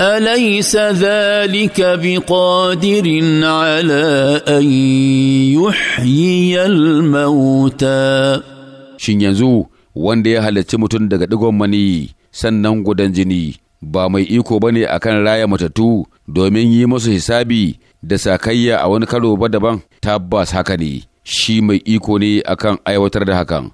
اليس ذلك بقادر على ان يحيي الموتى shin yanzu wanda ya halarci mutum daga digon mani sannan gudan jini ba mai iko ba ne akan raya matattu domin yi musu hisabi da sakayya a wani karo ba daban tabbas haka ne shi mai iko ne akan aiwatar da hakan